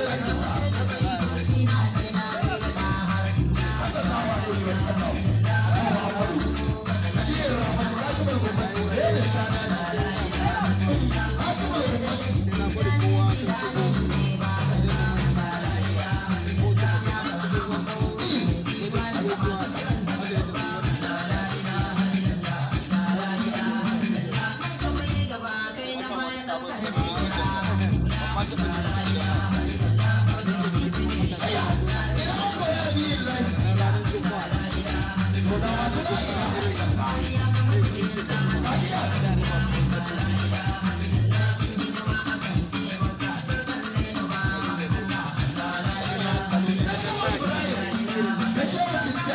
Thank you, Shout out to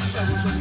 This is